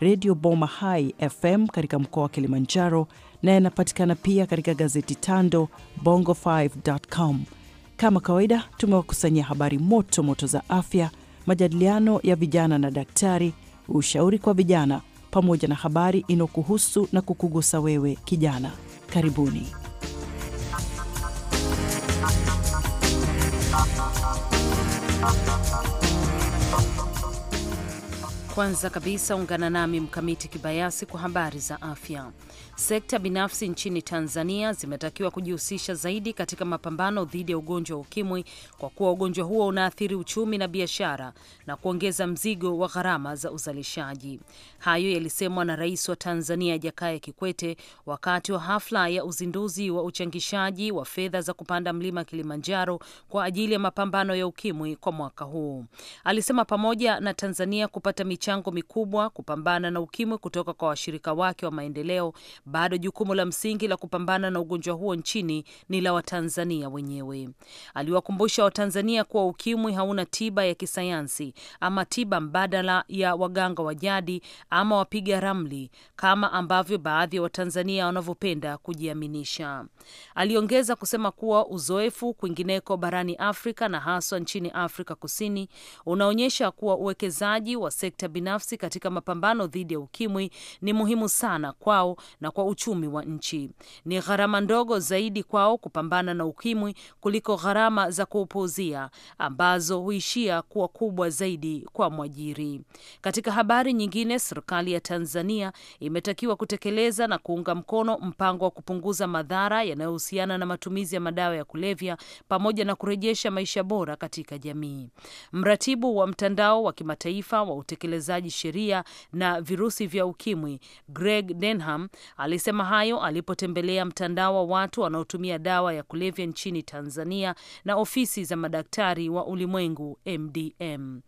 redio Boma Hai FM katika mkoa wa Kilimanjaro na yanapatikana pia katika gazeti Tando bongo 5 com Kama kawaida, tumewakusanyia habari moto moto za afya, majadiliano ya vijana na daktari, ushauri kwa vijana, pamoja na habari inayokuhusu na kukugusa wewe kijana. Karibuni. Kwanza kabisa ungana nami Mkamiti Kibayasi kwa habari za afya. Sekta binafsi nchini Tanzania zimetakiwa kujihusisha zaidi katika mapambano dhidi ya ugonjwa wa ukimwi kwa kuwa ugonjwa huo unaathiri uchumi na biashara na kuongeza mzigo wa gharama za uzalishaji. Hayo yalisemwa na Rais wa Tanzania Jakaya Kikwete wakati wa hafla ya uzinduzi wa uchangishaji wa fedha za kupanda mlima Kilimanjaro kwa ajili ya mapambano ya ukimwi kwa mwaka huu. Alisema pamoja na Tanzania kupata michango mikubwa kupambana na ukimwi kutoka kwa washirika wake wa maendeleo bado jukumu la msingi la kupambana na ugonjwa huo nchini ni la Watanzania wenyewe. Aliwakumbusha Watanzania kuwa ukimwi hauna tiba ya kisayansi ama tiba mbadala ya waganga wa jadi ama wapiga ramli kama ambavyo baadhi ya Watanzania wanavyopenda kujiaminisha. Aliongeza kusema kuwa uzoefu kwingineko barani Afrika na haswa nchini Afrika Kusini unaonyesha kuwa uwekezaji wa sekta binafsi katika mapambano dhidi ya ukimwi ni muhimu sana kwao na kwa uchumi wa nchi. Ni gharama ndogo zaidi kwao kupambana na ukimwi kuliko gharama za kuupuuzia ambazo huishia kuwa kubwa zaidi kwa mwajiri. Katika habari nyingine, serikali ya Tanzania imetakiwa kutekeleza na kuunga mkono mpango wa kupunguza madhara yanayohusiana na matumizi ya madawa ya kulevya pamoja na kurejesha maisha bora katika jamii. Mratibu wa mtandao wa kimataifa wa utekelezaji sheria na virusi vya ukimwi Greg Denham Alisema hayo alipotembelea mtandao wa watu wanaotumia dawa ya kulevya nchini Tanzania na ofisi za madaktari wa ulimwengu MDM.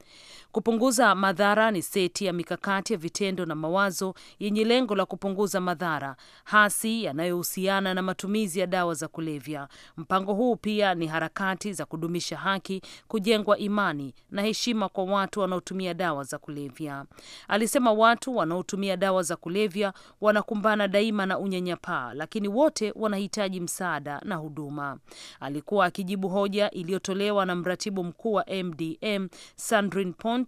Kupunguza madhara ni seti ya mikakati ya vitendo na mawazo yenye lengo la kupunguza madhara hasi yanayohusiana na matumizi ya dawa za kulevya. Mpango huu pia ni harakati za kudumisha haki, kujengwa imani na heshima kwa watu wanaotumia dawa za kulevya. Alisema watu wanaotumia dawa za kulevya wanakumbana daima na unyanyapaa, lakini wote wanahitaji msaada na huduma. Alikuwa akijibu hoja iliyotolewa na mratibu mkuu wa MDM Sandrine Pont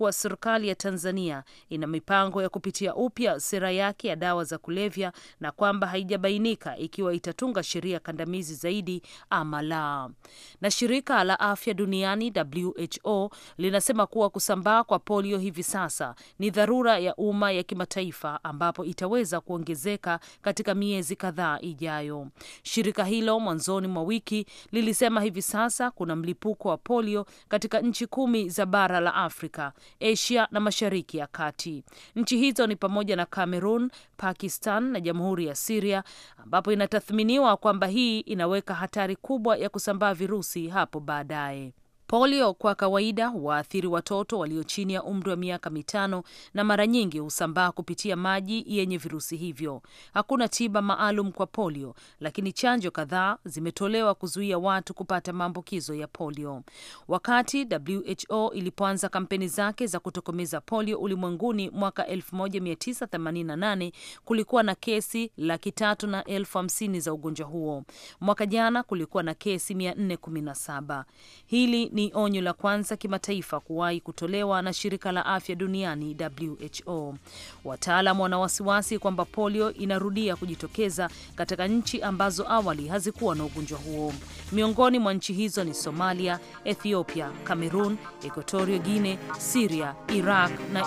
kuwa serikali ya Tanzania ina mipango ya kupitia upya sera yake ya dawa za kulevya na kwamba haijabainika ikiwa itatunga sheria kandamizi zaidi ama la. Na shirika la afya duniani WHO linasema kuwa kusambaa kwa polio hivi sasa ni dharura ya umma ya kimataifa ambapo itaweza kuongezeka katika miezi kadhaa ijayo. Shirika hilo mwanzoni mwa wiki lilisema hivi sasa kuna mlipuko wa polio katika nchi kumi za bara la Afrika Asia na Mashariki ya Kati. Nchi hizo ni pamoja na Cameroon, Pakistan na Jamhuri ya siria ambapo inatathminiwa kwamba hii inaweka hatari kubwa ya kusambaa virusi hapo baadaye. Polio kwa kawaida huwaathiri watoto walio chini ya umri wa miaka mitano na mara nyingi husambaa kupitia maji yenye virusi hivyo. Hakuna tiba maalum kwa polio, lakini chanjo kadhaa zimetolewa kuzuia watu kupata maambukizo ya polio. Wakati WHO ilipoanza kampeni zake za kutokomeza polio ulimwenguni mwaka 1988 kulikuwa na kesi laki tatu na elfu hamsini za ugonjwa huo. Mwaka jana kulikuwa na kesi 417. Hili ni ni onyo la kwanza kimataifa kuwahi kutolewa na shirika la afya duniani WHO. Wataalam wana wasiwasi kwamba polio inarudia kujitokeza katika nchi ambazo awali hazikuwa na ugonjwa huo. Miongoni mwa nchi hizo ni Somalia, Ethiopia, Cameroon, Equatorio Guine, Siria, Iraq na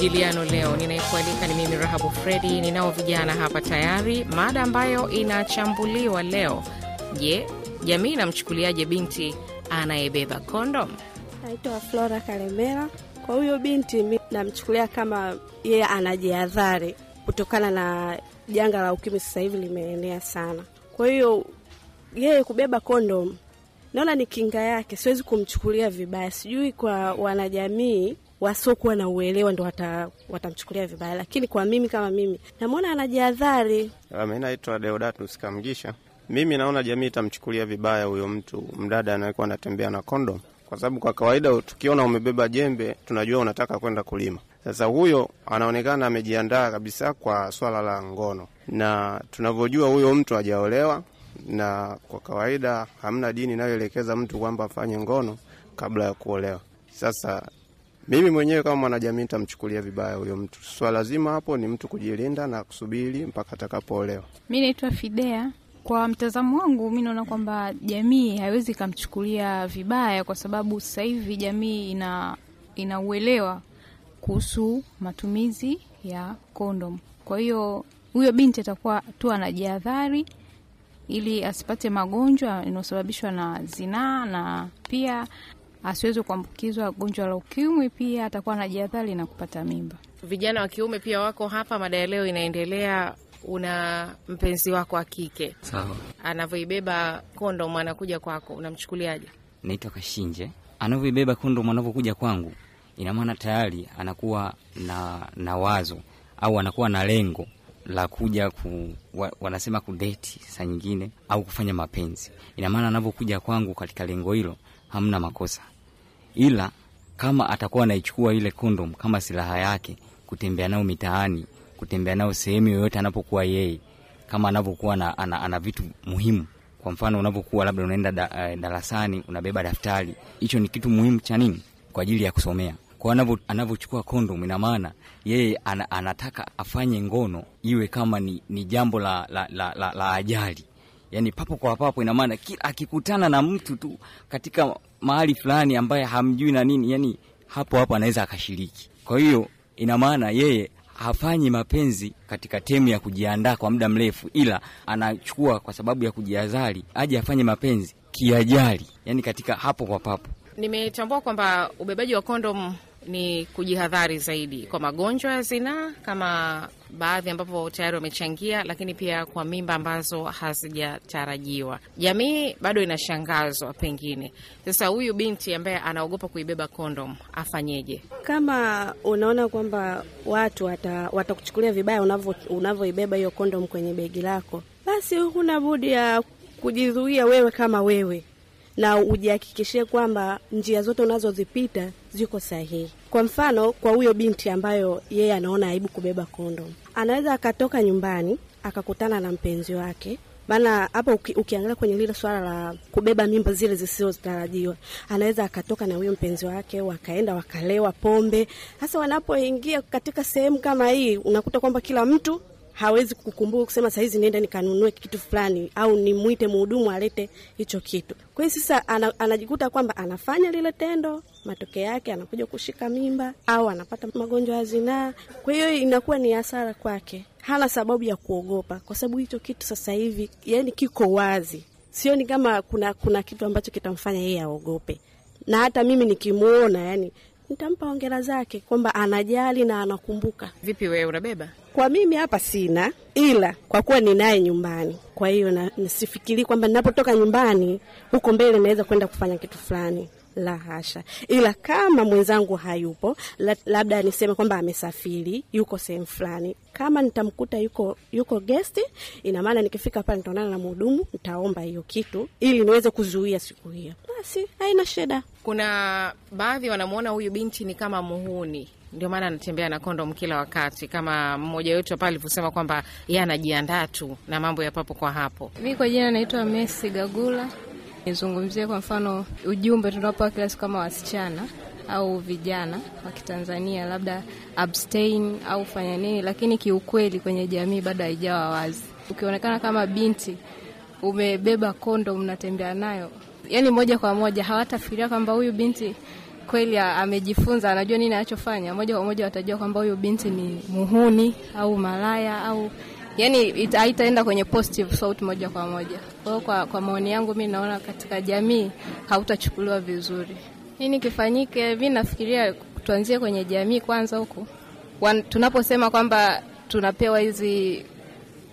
majadiliano leo. Ninayekualika ni mimi Rahabu Fredi. Ninao vijana hapa tayari. Mada ambayo inachambuliwa leo, je, jamii inamchukuliaje binti anayebeba kondom? Naitwa Flora karemera Kwa huyo binti namchukulia kama yeye anajiadhari kutokana na janga la ukimi sasa hivi limeenea sana. Kwa hiyo yeye kubeba kondom naona ni kinga yake, siwezi kumchukulia vibaya. Sijui kwa wanajamii wasiokuwa na uelewa ndo watamchukulia wata vibaya, lakini kwa mimi kama mimi namwona anajihadhari. Ah, mi naitwa Deodatus Kamgisha. Mimi naona jamii itamchukulia vibaya huyo mtu mdada anayekuwa anatembea na kondom, kwa sababu kwa kawaida tukiona umebeba jembe tunajua unataka kwenda kulima. Sasa huyo anaonekana amejiandaa kabisa kwa swala la ngono, na tunavyojua huyo mtu hajaolewa, na kwa kawaida hamna dini inayoelekeza mtu kwamba afanye ngono kabla ya kuolewa. Sasa mimi mwenyewe kama mwanajamii nitamchukulia vibaya huyo mtu. Swala zima hapo ni mtu kujilinda na kusubiri mpaka atakapoolewa. Mi naitwa Fidea. Kwa mtazamo wangu mi naona kwamba jamii haiwezi ikamchukulia vibaya, kwa sababu sasa hivi jamii ina inauelewa kuhusu matumizi ya kondom. Kwa hiyo huyo binti atakuwa tu anajihadhari ili asipate magonjwa yanayosababishwa na zinaa na pia asiweze kuambukizwa gonjwa la ukimwi, pia atakuwa na jihadhari na kupata mimba. Vijana wa kiume pia wako hapa, mada ya leo inaendelea. Una mpenzi wako wa kike, sawa, anavyoibeba kondom anakuja kwako, unamchukuliaje? Naitwa Kashinje. Anavyoibeba kondomu anavyokuja kwangu, ina maana tayari anakuwa na, na wazo au anakuwa na lengo la kuja ku, wa, wanasema kudeti saa nyingine au kufanya mapenzi. Ina maana anavyokuja kwangu katika lengo hilo hamna makosa ila kama atakuwa anaichukua ile kondom kama silaha yake kutembea nao mitaani, kutembea nao sehemu yoyote anapokuwa yeye, kama anavyokuwa ana, ana, ana vitu muhimu. Kwa mfano unavyokuwa labda unaenda da, uh, darasani unabeba daftari, hicho ni kitu muhimu cha nini? Kwa ajili ya kusomea. Kwa anavyochukua kondom, ina maana yeye an, anataka afanye ngono iwe kama ni, ni jambo la, la, la, la, la ajali yani papo kwa papo. Ina maana kila akikutana na mtu tu katika mahali fulani ambaye hamjui na nini, yani hapo hapo anaweza akashiriki. Kwa hiyo ina maana yeye hafanyi mapenzi katika temu ya kujiandaa kwa muda mrefu, ila anachukua kwa sababu ya kujiazali aje afanye mapenzi kiajali, yani katika hapo kwa papo. Nimetambua kwamba ubebaji wa kondom ni kujihadhari zaidi kwa magonjwa ya zinaa kama baadhi ambapo tayari wamechangia, lakini pia kwa mimba ambazo hazijatarajiwa. Jamii bado inashangazwa pengine. Sasa huyu binti ambaye anaogopa kuibeba kondom afanyeje? Kama unaona kwamba watu watakuchukulia wata vibaya unavyoibeba hiyo kondom kwenye begi lako, basi huna budi ya kujizuia wewe kama wewe, na ujihakikishie kwamba njia zote unazozipita ziko sahihi. Kwa mfano, kwa huyo binti ambayo yeye anaona aibu kubeba kondom, anaweza akatoka nyumbani akakutana na mpenzi wake maana hapa uki, ukiangalia kwenye lile swala la kubeba mimba zile zisizotarajiwa, anaweza akatoka na huyo mpenzi wake wakaenda wakalewa pombe. Sasa wanapoingia katika sehemu kama hii, unakuta kwamba kila mtu hawezi kukumbuka kusema saa hizi nienda nikanunue kitu fulani, au nimwite mhudumu alete hicho kitu. Kwa hiyo sasa ana, anajikuta kwamba anafanya lile tendo, matokeo yake anakuja kushika mimba au anapata magonjwa ya zinaa. Kwa hiyo inakuwa ni hasara kwake, hana sababu ya kuogopa, kwa sababu hicho kitu sasa hivi yani kiko wazi. Sioni kama kuna kuna kitu ambacho kitamfanya yeye aogope, na hata mimi nikimwona yani nitampa hongera zake kwamba anajali na anakumbuka. Vipi wewe unabeba? Kwa mimi hapa sina, ila kwa kuwa ninaye nyumbani, kwa hiyo nasifikiri kwamba ninapotoka nyumbani huko mbele naweza kwenda kufanya kitu fulani. La hasha, ila kama mwenzangu hayupo, labda niseme kwamba amesafiri, yuko sehemu fulani, kama nitamkuta yuko yuko gesti, ina maana nikifika pale nitaonana na mhudumu, nitaomba hiyo kitu ili niweze kuzuia siku hiyo, basi haina shida. Kuna baadhi wanamwona huyu binti ni kama muhuni ndio maana anatembea na kondom kila wakati, kama mmoja wetu hapa alivyosema kwamba yeye anajiandaa tu na mambo ya papo kwa hapo. Mi kwa jina naitwa Messi Gagula. Nizungumzie kwa mfano ujumbe tunaopewa kila siku kama wasichana au vijana wa Kitanzania, labda abstain au fanya nini, lakini kiukweli kwenye jamii bado haijawa wazi. Ukionekana kama binti umebeba kondo, mnatembea nayo, yani moja kwa moja hawatafikiria kwamba huyu binti kweli amejifunza, anajua nini anachofanya. Moja kwa moja watajua kwamba huyu binti ni muhuni au malaya au yani haitaenda kwenye positive sauti moja kwa moja. Kwa kwa, kwa maoni yangu mi naona katika jamii hautachukuliwa vizuri. Nini kifanyike? Mi nafikiria tuanzie kwenye jamii kwanza, huku tunaposema kwamba tunapewa hizi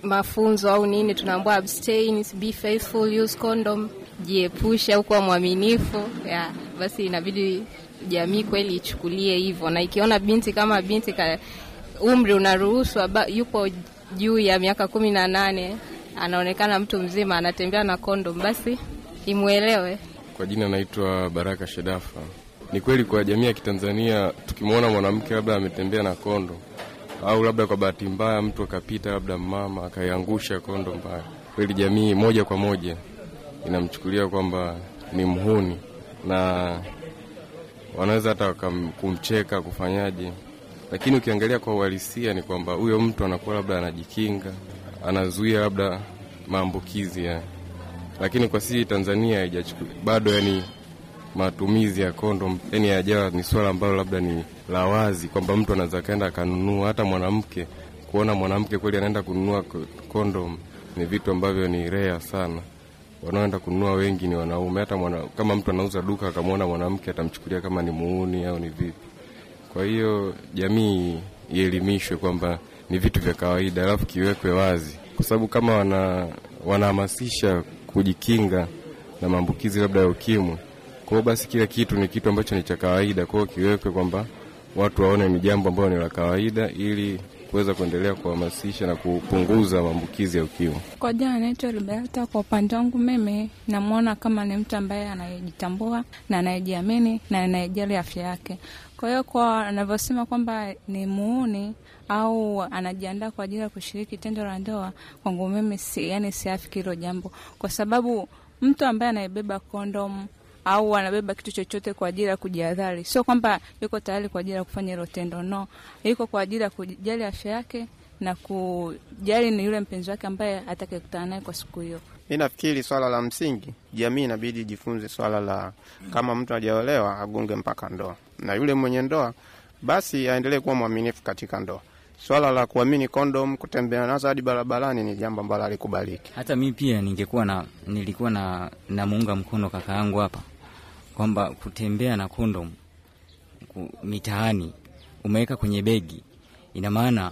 mafunzo au nini, tunaambiwa abstain, be faithful, use condom, jiepushe au kuwa mwaminifu yeah. Basi inabidi jamii kweli ichukulie hivyo, na ikiona binti kama binti ka umri unaruhusu yupo juu ya miaka kumi na nane anaonekana mtu mzima, anatembea na kondom, basi imwelewe. Kwa jina naitwa Baraka Shedafa. Ni kweli kwa jamii ya Kitanzania, tukimwona mwanamke labda ametembea na kondo au labda kwa bahati mbaya mtu akapita, labda mama akaiangusha kondo mbaya, kweli jamii moja kwa moja inamchukulia kwamba ni mhuni na wanaweza hata kumcheka kufanyaje lakini ukiangalia kwa uhalisia ni kwamba huyo mtu anakuwa labda anajikinga, anazuia labda maambukizi ya, lakini kwa sisi Tanzania bado, yani matumizi ya kondom yani hayajawa ni swala ambalo labda ni la wazi kwamba mtu anaweza kaenda akanunua. Hata mwanamke kuona mwanamke kweli anaenda kununua kondom ni vitu ambavyo ni rea sana. Wanaoenda kununua wengi ni wanaume. Hata mwana, kama mtu anauza duka akamwona mwanamke atamchukulia kama ni muuni au ni vipi. Kwa hiyo jamii ielimishwe kwamba ni vitu vya kawaida, alafu kiwekwe wazi, kwa sababu kama wana wanahamasisha kujikinga na maambukizi labda ya ukimwi, kwa hiyo basi kila kitu ni kitu ambacho ni cha kawaida, kwa hiyo kiwekwe kwamba watu waone ni jambo ambalo ni la kawaida ili kuweza kuendelea kuhamasisha na kupunguza maambukizi ya ukimwi. Kwa jina anaitwa Liberata. Kwa upande wangu mimi namwona kama ni mtu ambaye anayejitambua na anayejiamini na anayejali afya yake. Kwa hiyo kwa anavyosema kwamba ni muuni au anajiandaa kwa ajili ya kushiriki tendo la ndoa, kwangu mimi si, yani siafiki hilo jambo, kwa sababu mtu ambaye anayebeba kondomu au anabeba kitu chochote kwa ajili ya kujiadhari. Sio kwamba yuko tayari kwa ajili ya kufanya hilo tendo, no, yuko kwa ajili ya kujali afya yake na kujali ni yule mpenzi wake ambaye atakayekutana naye kwa siku hiyo. Mi nafikiri swala la msingi, jamii inabidi ijifunze swala la kama mtu ajaolewa agunge mpaka ndoa, na yule mwenye ndoa basi aendelee kuwa mwaminifu katika ndoa. Swala la kuamini kondom, kutembea nazo hadi barabarani ni jambo ambalo alikubaliki. Hata mi pia ningekuwa na nilikuwa na namuunga mkono kaka yangu hapa kwamba kutembea na kondom mitaani umeweka kwenye begi, ina maana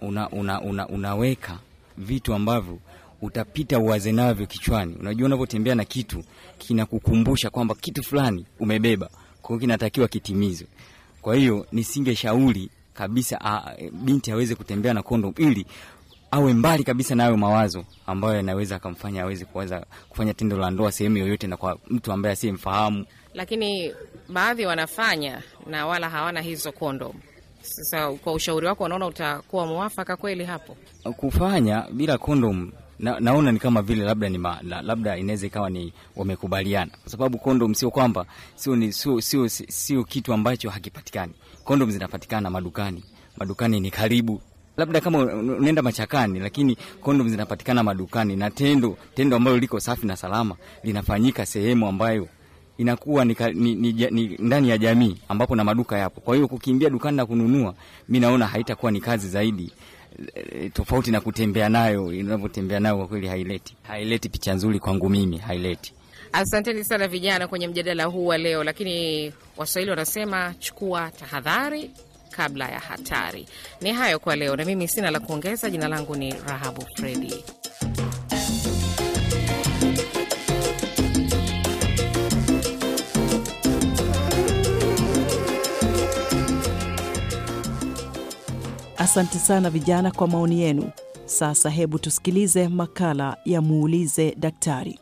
una, una, una, unaweka vitu ambavyo utapita uwaze navyo kichwani. Unajua, unavyotembea na kitu kinakukumbusha kwamba kitu fulani umebeba, kwa hiyo kinatakiwa kitimizwe. Kwa hiyo nisingeshauri kabisa a, binti aweze kutembea na kondom ili awe mbali kabisa nayo mawazo ambayo yanaweza akamfanya aweze kuweza kufanya tendo la ndoa sehemu yoyote na kwa mtu ambaye asiyemfahamu lakini baadhi wanafanya na wala hawana hizo kondom. Sasa kwa ushauri wako, unaona utakuwa mwafaka kweli hapo kufanya bila kondom? Na, naona ni kama vile labda ni ma, labda inaweza ikawa ni wamekubaliana, kwa sababu kondom sio kwamba sio sio sio sio kitu ambacho hakipatikani. Kondom zinapatikana madukani, madukani ni karibu labda kama unaenda machakani, lakini kondom zinapatikana madukani, na tendo tendo ambalo liko safi na salama linafanyika sehemu ambayo inakuwa ni, ni, ni, ni ndani ya jamii ambapo na maduka yapo. Kwa hiyo kukimbia dukani na kununua, mi naona haitakuwa ni kazi zaidi e, tofauti na kutembea nayo. Inavyotembea nayo kwa kweli haileti haileti picha nzuri kwangu mimi, haileti. Asanteni sana vijana kwenye mjadala huu wa leo, lakini waswahili wanasema chukua tahadhari kabla ya hatari. Ni hayo kwa leo, na mimi sina la kuongeza. Jina langu ni Rahabu Fredi. Asante sana vijana kwa maoni yenu. Sasa hebu tusikilize makala ya muulize daktari.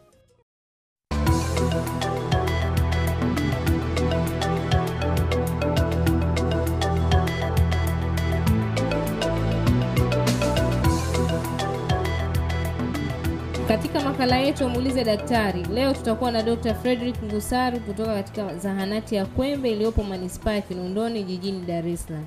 Katika makala yetu muulize daktari leo tutakuwa na Dr. Frederick Ngusaru kutoka katika zahanati ya Kwembe iliyopo manispaa ya Kinondoni jijini Dar es Salaam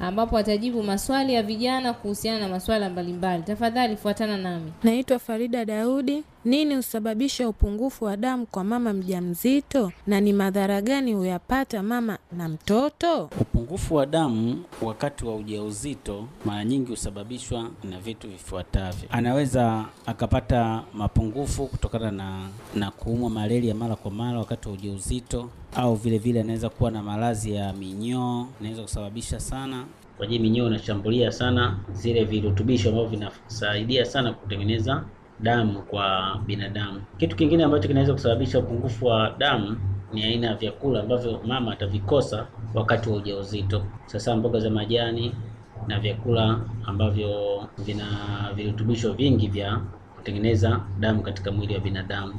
ambapo atajibu maswali ya vijana kuhusiana na masuala mbalimbali. Tafadhali fuatana nami. Naitwa Farida Daudi. Nini husababisha upungufu wa damu kwa mama mjamzito na ni madhara gani huyapata mama na mtoto? Upungufu wa damu wakati wa ujauzito mara nyingi husababishwa na vitu vifuatavyo. Anaweza akapata mapungufu kutokana na, na kuumwa malaria mara kwa mara wakati wa ujauzito, au vile vile anaweza kuwa na maradhi ya minyoo, inaweza kusababisha sana kwa jii minyoo inashambulia sana zile virutubisho ambavyo vinasaidia sana kutengeneza damu kwa binadamu. Kitu kingine ambacho kinaweza kusababisha upungufu wa damu ni aina ya vyakula ambavyo mama atavikosa wakati wa ujauzito. Sasa mboga za majani na vyakula ambavyo vina virutubisho vingi vya kutengeneza damu katika mwili wa binadamu.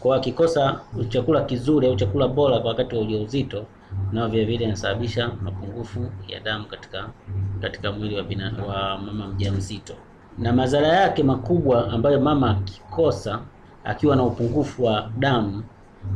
Kwa akikosa chakula kizuri au chakula bora kwa wakati wa ujauzito, nao vile vile inasababisha mapungufu ya damu katika katika mwili wa, bina, wa mama mjamzito na madhara yake makubwa ambayo mama akikosa akiwa na upungufu wa damu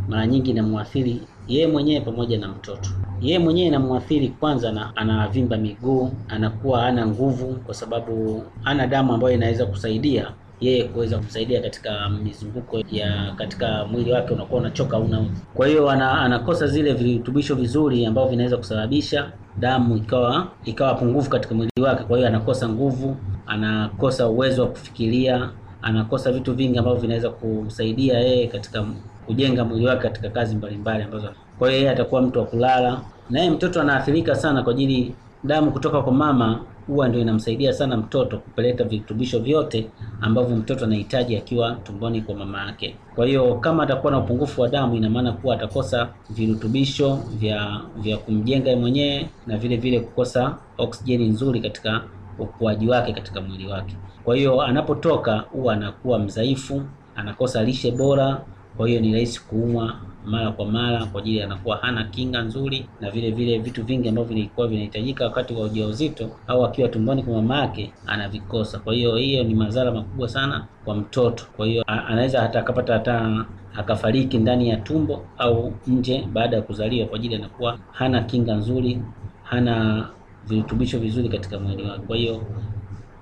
mara nyingi inamwathiri yeye mwenyewe pamoja na mtoto. Yeye mwenyewe inamwathiri kwanza, na anavimba miguu, anakuwa hana nguvu, kwa sababu hana damu ambayo inaweza kusaidia yeye kuweza kumsaidia katika mizunguko ya katika mwili wake, unakuwa unachoka una. Kwa hiyo ana, anakosa zile virutubisho vizuri ambavyo vinaweza kusababisha damu ikawa ikawa pungufu katika mwili wake, kwa hiyo anakosa nguvu, anakosa uwezo wa kufikiria, anakosa vitu vingi ambavyo vinaweza kumsaidia yeye katika kujenga mwili wake katika kazi mbalimbali ambazo, kwa hiyo yeye atakuwa mtu wa kulala, na yeye mtoto anaathirika sana kwa ajili damu kutoka kwa mama huwa ndio inamsaidia sana mtoto kupeleka virutubisho vyote ambavyo mtoto anahitaji akiwa tumboni kwa mama yake. Kwa hiyo kama atakuwa na upungufu wa damu, ina maana kuwa atakosa virutubisho vya vya kumjenga mwenyewe na vile vile kukosa oksijeni nzuri katika ukuaji wake katika mwili wake. Kwa hiyo anapotoka huwa anakuwa mdhaifu, anakosa lishe bora, kwa hiyo ni rahisi kuumwa mara kwa mara kwa ajili anakuwa hana kinga nzuri, na vile vile vitu vingi ambavyo vilikuwa vinahitajika wakati wa ujauzito au akiwa tumboni kwa mama yake anavikosa. Kwa hiyo hiyo ni madhara makubwa sana kwa mtoto. Kwa hiyo anaweza hata akapata hata akafariki ndani ya tumbo au nje baada ya kuzaliwa, kwa ajili anakuwa hana kinga nzuri, hana virutubisho vizuri katika mwili wake. Kwa hiyo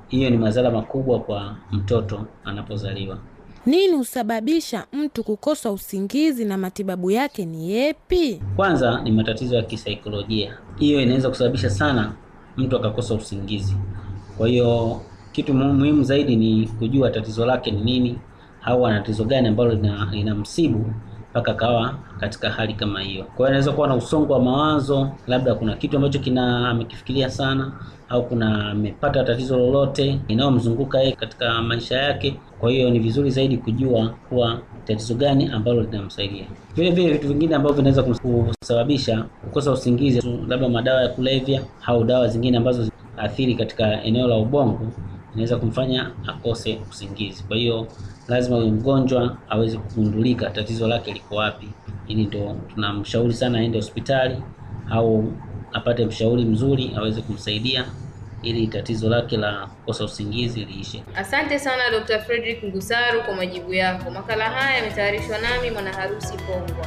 hiyo ni madhara makubwa kwa mtoto anapozaliwa. Nini husababisha mtu kukosa usingizi na matibabu yake ni yepi? Kwanza ni matatizo ya kisaikolojia, hiyo inaweza kusababisha sana mtu akakosa usingizi. Kwa hiyo kitu muhimu zaidi ni kujua tatizo lake ni nini, au ana tatizo gani ambalo linamsibu mpaka kawa katika hali kama hiyo. Kwa hiyo anaweza kuwa na usongo wa mawazo, labda kuna kitu ambacho kina amekifikiria sana, au kuna amepata tatizo lolote linalomzunguka yeye katika maisha yake. Kwa hiyo ni vizuri zaidi kujua kuwa tatizo gani ambalo linamsaidia. Vile vile vitu vingine ambavyo vinaweza kusababisha kukosa usingizi, labda madawa ya kulevya au dawa zingine ambazo athiri katika eneo la ubongo inaweza kumfanya akose usingizi. Kwa hiyo lazima huyu mgonjwa aweze kugundulika tatizo lake liko wapi, ili ndo tunamshauri sana aende hospitali au apate mshauri mzuri aweze kumsaidia ili tatizo lake la kukosa usingizi liishe. Asante sana Dr. Frederick Ngusaru kwa majibu yako. Makala haya yametayarishwa nami mwana harusi Pongwa.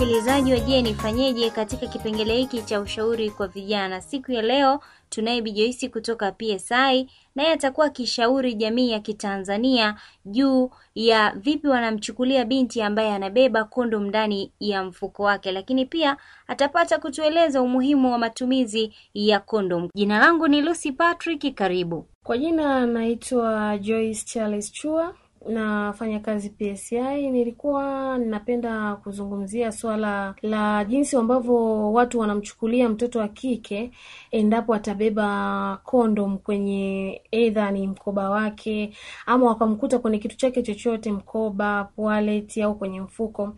msikilizaji wa Je Nifanyeje katika kipengele hiki cha ushauri kwa vijana. Siku ya leo tunaye Bijoisi kutoka PSI, naye atakuwa akishauri jamii ya Kitanzania juu ya vipi wanamchukulia binti ambaye anabeba kondom ndani ya mfuko wake, lakini pia atapata kutueleza umuhimu wa matumizi ya kondom. Jina langu ni Lucy Patrick, karibu. Kwa jina naitwa Joyce Charles Chua nafanya kazi PCI, nilikuwa napenda kuzungumzia swala la jinsi ambavyo watu wanamchukulia mtoto wa kike endapo atabeba kondom kwenye eidha ni mkoba wake ama wakamkuta kwenye kitu chake chochote, mkoba, wallet au kwenye mfuko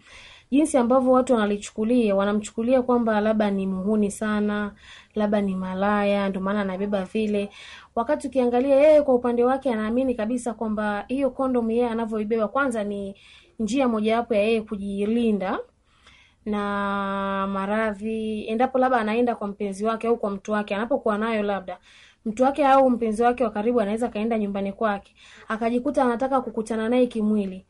jinsi ambavyo watu wanalichukulia wanamchukulia kwamba labda ni muhuni sana labda ni malaya ndio maana anabeba vile wakati ukiangalia yeye kwa upande wake anaamini kabisa kwamba hiyo kondom yeye anavyoibeba kwanza ni njia mojawapo ya yeye kujilinda na maradhi endapo labda anaenda kwa mpenzi wake au kwa mtu wake anapokuwa nayo labda mtu wake au mpenzi wake wa karibu anaweza akaenda nyumbani kwake akajikuta anataka kukutana naye kimwili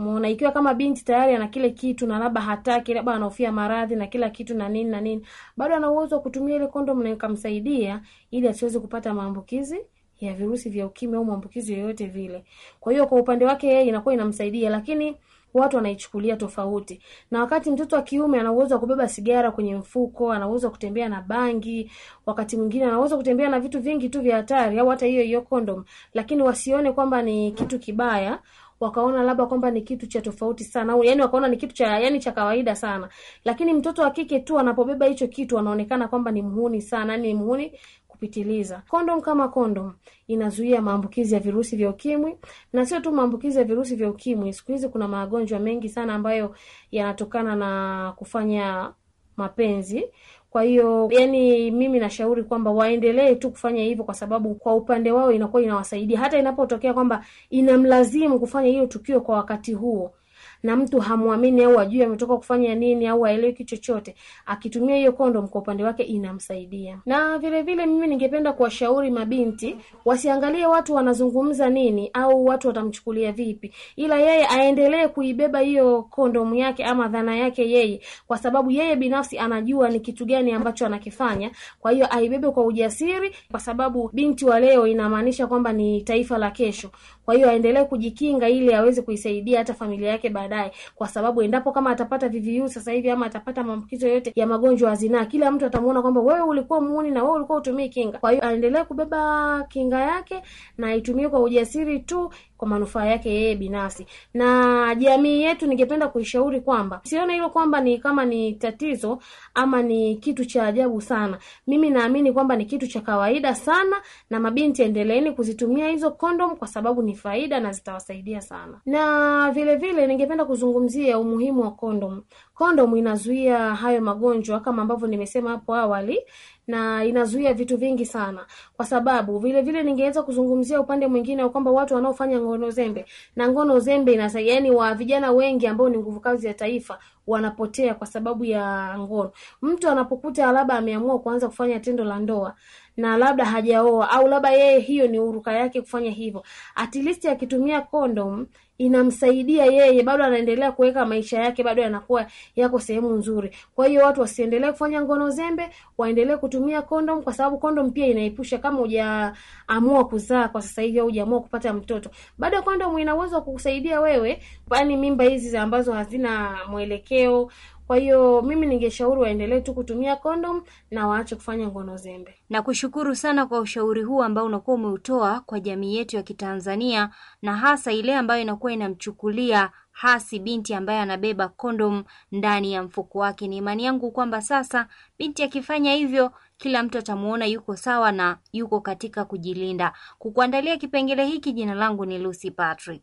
umeona ikiwa kama binti tayari ana kile kitu na labda hataki, labda anahofia maradhi na kila kitu na nini na nini, bado ana uwezo wa kutumia ile kondomu na ikamsaidia ili asiweze kupata maambukizi ya virusi vya ukimwi au maambukizi yoyote vile. Kwa hiyo kwa upande wake yeye inakuwa inamsaidia, lakini watu wanaichukulia tofauti. Na wakati mtoto wa kiume ana uwezo wa kubeba sigara kwenye mfuko, ana uwezo wa kutembea na bangi, wakati mwingine ana uwezo kutembea na vitu vingi tu vya hatari, au hata hiyo hiyo kondom, lakini wasione kwamba ni kitu kibaya wakaona labda kwamba ni kitu cha tofauti sana, au yani wakaona ni kitu cha yani cha kawaida sana. Lakini mtoto wa kike tu anapobeba hicho kitu anaonekana kwamba ni mhuni sana, yani ni mhuni kupitiliza. Kondom kama kondom inazuia maambukizi ya virusi vya ukimwi, na sio tu maambukizi ya virusi vya ukimwi. Siku hizi kuna magonjwa mengi sana ambayo yanatokana na kufanya mapenzi. Kwa hiyo yani, mimi nashauri kwamba waendelee tu kufanya hivyo, kwa sababu kwa upande wao inakuwa inawasaidia, hata inapotokea kwamba inamlazimu kufanya hiyo tukio kwa wakati huo na mtu hamwamini au ajui ametoka kufanya nini au aelewi kitu chochote, akitumia hiyo kondom kwa upande wake inamsaidia. Na vile vile mimi ningependa kuwashauri mabinti wasiangalie watu wanazungumza nini au watu watamchukulia vipi, ila yeye aendelee kuibeba hiyo kondomu yake ama dhana yake yeye, kwa sababu yeye binafsi anajua ni kitu gani ambacho anakifanya. Kwa hiyo aibebe kwa ujasiri, kwa sababu binti wa leo inamaanisha kwamba ni taifa la kesho. Kwa hiyo aendelee kujikinga ili aweze kuisaidia hata familia yake baadaye, kwa sababu endapo kama atapata VVU sasa hivi ama atapata maambukizo yote ya magonjwa ya zinaa, kila mtu atamuona kwamba wewe ulikuwa muuni na wewe ulikuwa utumii kinga. Kwa hiyo aendelee kubeba kinga yake na aitumie kwa ujasiri tu kwa manufaa yake yeye binafsi. Na jamii yetu, ningependa kuishauri kwamba sione hilo kwamba ni kama ni tatizo ama ni kitu cha ajabu sana. Mimi naamini kwamba ni kitu cha kawaida sana, na mabinti, endeleeni kuzitumia hizo kondom kwa sababu ni faida na zitawasaidia sana. Na vilevile, ningependa kuzungumzia umuhimu wa kondom. Kondomu inazuia hayo magonjwa kama ambavyo nimesema hapo awali, na inazuia vitu vingi sana, kwa sababu vile vile ningeweza kuzungumzia upande mwingine wa kwamba watu wanaofanya ngono zembe na ngono zembe inasa, yani wa vijana wengi ambao ni nguvu kazi ya taifa wanapotea kwa sababu ya ngono. Mtu anapokuta labda ameamua kuanza kufanya tendo la ndoa na labda hajaoa au labda yeye hiyo ni uruka yake kufanya hivyo, at least akitumia kondom inamsaidia yeye, bado anaendelea kuweka maisha yake, bado yanakuwa yako sehemu nzuri. Kwa hiyo watu wasiendelee kufanya ngono zembe, waendelee kutumia kondom, kwa sababu kondom pia inaepusha, kama hujaamua kuzaa kwa sasa hivi au hujaamua kupata mtoto, bado kondom ina uwezo wa kukusaidia wewe, yaani mimba hizi ambazo hazina mwelekeo matokeo. Kwa hiyo mimi ningeshauri waendelee tu kutumia kondom na waache kufanya ngono zembe. Na kushukuru sana kwa ushauri huu ambao unakuwa umeutoa kwa jamii yetu ya Kitanzania na hasa ile ambayo inakuwa inamchukulia hasi binti ambaye anabeba kondom ndani ya mfuko wake. Ni imani yangu kwamba sasa binti akifanya hivyo kila mtu atamuona yuko sawa na yuko katika kujilinda. Kukuandalia kipengele hiki, jina langu ni Lucy Patrick.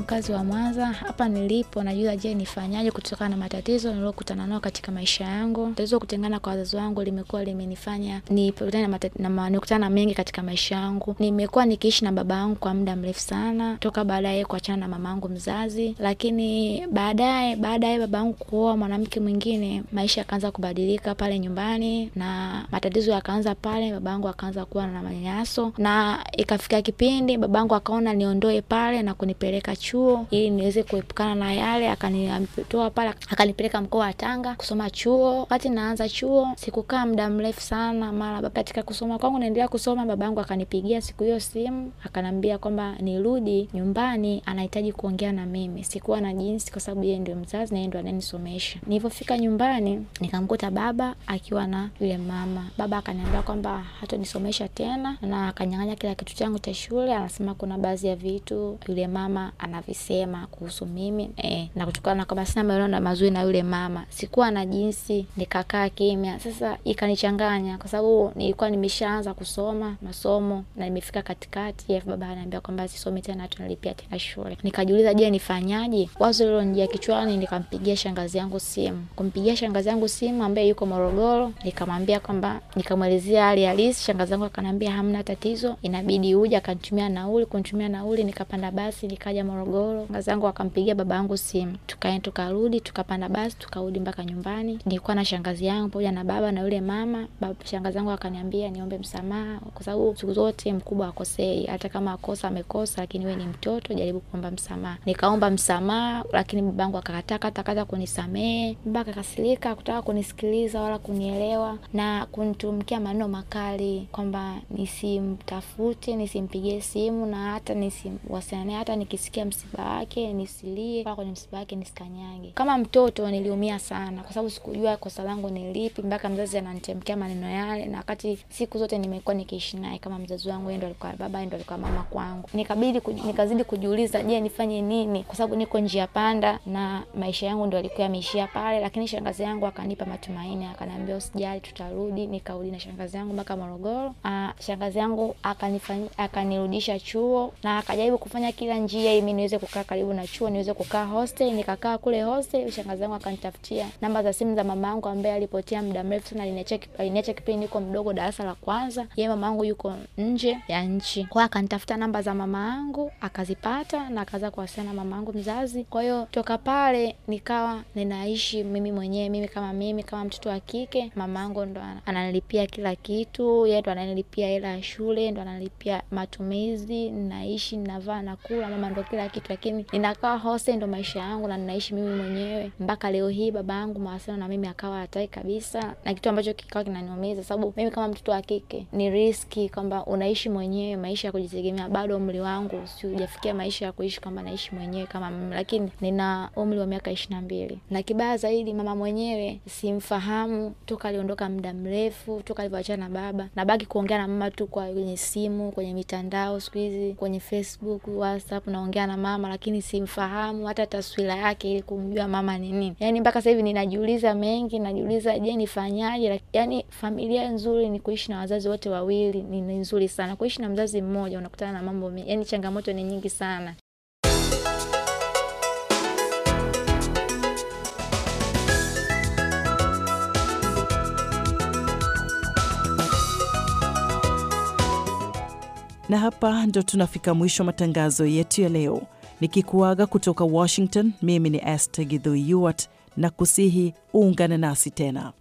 mkazi wa Mwanza. Hapa nilipo najua, je, nifanyaje kutokana na matatizo niliyokutana nayo katika maisha yangu. Tatizo kutengana kwa wazazi wangu limekuwa limenifanya nikutana mengi katika maisha yangu. Nimekuwa nikiishi na baba yangu kwa muda mrefu sana toka baadaye kuachana na mama yangu mzazi, lakini baadaye baadaye baba yangu kuoa mwanamke mwingine, maisha yakaanza kubadilika pale nyumbani na matatizo yakaanza pale. Baba yangu akaanza kuwa na manyanyaso na ikafika kipindi baba yangu akaona niondoe pale na kunipeleka chuo chuo ili niweze kuepukana na yale. Akanitoa pale akanipeleka mkoa wa Tanga kusoma chuo. Wakati naanza chuo sikukaa muda mrefu sana, mara katika kusoma kwangu naendelea kusoma, baba yangu akanipigia siku hiyo simu akanambia kwamba nirudi nyumbani, anahitaji kuongea na mimi. Sikuwa na jinsi, kwa sababu yeye ndio mzazi na yeye ndio ananisomesha. Nilipofika nyumbani nikamkuta baba akiwa na yule mama. Baba akaniambia kwamba hatonisomesha tena na akanyang'anya kila kitu changu cha shule, anasema kuna baadhi ya vitu yule mama ana anavisema kuhusu mimi eh, na kutokana kama sina maelewano mazuri na yule mama, sikuwa na jinsi, nikakaa kimya. Sasa ikanichanganya kwa sababu nilikuwa nimeshaanza kusoma masomo na nimefika katikati, alafu baba ananiambia kwamba sisome tena, tunalipia tena shule. Nikajiuliza, je, nifanyaje? Wazo hilo lilonijia kichwani, nikampigia shangazi yangu simu. Kumpigia shangazi yangu simu ambaye yuko Morogoro, nikamwambia kwamba, nikamwelezea hali halisi. Shangazi yangu akanambia hamna tatizo, inabidi uje. Akanitumia nauli, kunitumia nauli, nikapanda basi nikaja Morogoro. Morogoro. Ngazi yangu akampigia baba yangu simu, tukaenda tukarudi, tukapanda basi tukarudi mpaka nyumbani. Nilikuwa na shangazi yangu pamoja na baba na yule mama. Baba shangazi yangu akaniambia niombe msamaha, kwa sababu siku zote mkubwa akosei, hata kama akosa amekosa, lakini wewe ni mtoto, jaribu kuomba msamaha. Nikaomba msamaha, lakini baba yangu akakataa kata kunisamehe. Baba kutaka kunisikiliza wala kunielewa na kunitumkia maneno makali kwamba nisimtafute, nisimpigie simu na hata nisimwasiliane, hata nikisikia msamaha msiba wake nisilie, wala kwenye msiba wake nisikanyage. Kama mtoto niliumia sana, kwa sababu sikujua kosa langu ni lipi, mpaka mzazi ananitemkea maneno yale, na wakati siku zote nimekuwa nikiishi naye kama mzazi wangu, yeye ndo alikuwa baba, yeye ndo alikuwa mama kwangu. Nikabidi kuj, nikazidi kujiuliza, je, nifanye nini? Kwa sababu niko njia panda na maisha yangu ndo alikuwa yameishia pale, lakini shangazi yangu akanipa matumaini, akaniambia usijali, tutarudi. Nikarudi na shangazi yangu mpaka Morogoro. Ah, shangazi yangu akanirudisha chuo na akajaribu kufanya kila njia ili niweze kukaa karibu na chuo, niweze kukaa hostel. Nikakaa kule hostel, shangazi yangu akanitafutia namba za simu za mama yangu ambaye alipotea muda mrefu sana, aliniacha kipindi niko mdogo, darasa la kwanza. Yeye mama yangu yuko nje ya nchi, kwa akanitafuta namba za mama yangu akazipata, na akaanza kuwasiliana na mama yangu mzazi. Kwa hiyo toka pale nikawa ninaishi mimi mwenyewe, mimi kama mimi kama mtoto wa kike. Mama yangu ndo ananilipia kila kitu, yeye ndo ananilipia hela ya shule, ndo ananilipia matumizi, ninaishi, ninavaa, nakula, mama ndo kila kitu kitu, lakini inakawa hose, ndo maisha yangu na ninaishi mimi mwenyewe mpaka leo hii. Baba yangu mawasiliano na mimi akawa hatai kabisa, na kitu ambacho kikawa kinaniumiza, sababu mimi kama mtoto wa kike ni riski kwamba unaishi mwenyewe maisha ya kujitegemea. Bado umri wangu siujafikia maisha ya kuishi kwamba naishi mwenyewe kama mimi, lakini nina umri wa miaka ishiri na mbili na kibaya zaidi, mama mwenyewe simfahamu toka aliondoka muda mrefu, toka alivyoachana na baba. Nabaki kuongea na mama tu kwa kwenye simu, kwenye mitandao siku hizi, kwenye Facebook, WhatsApp, naongea na mama mama, lakini simfahamu hata taswira yake ili kumjua mama ni nini. Yani mpaka sasa hivi ninajiuliza mengi, najiuliza je, nifanyaje? Yani familia nzuri ni kuishi na wazazi wote wawili, ni nzuri sana. Kuishi na mzazi mmoja unakutana na mambo mengi, yani changamoto ni nyingi sana. Na hapa ndo tunafika mwisho matangazo yetu ya leo. Nikikuaga kutoka Washington, mimi ni Esther Githui na kusihi uungane nasi tena.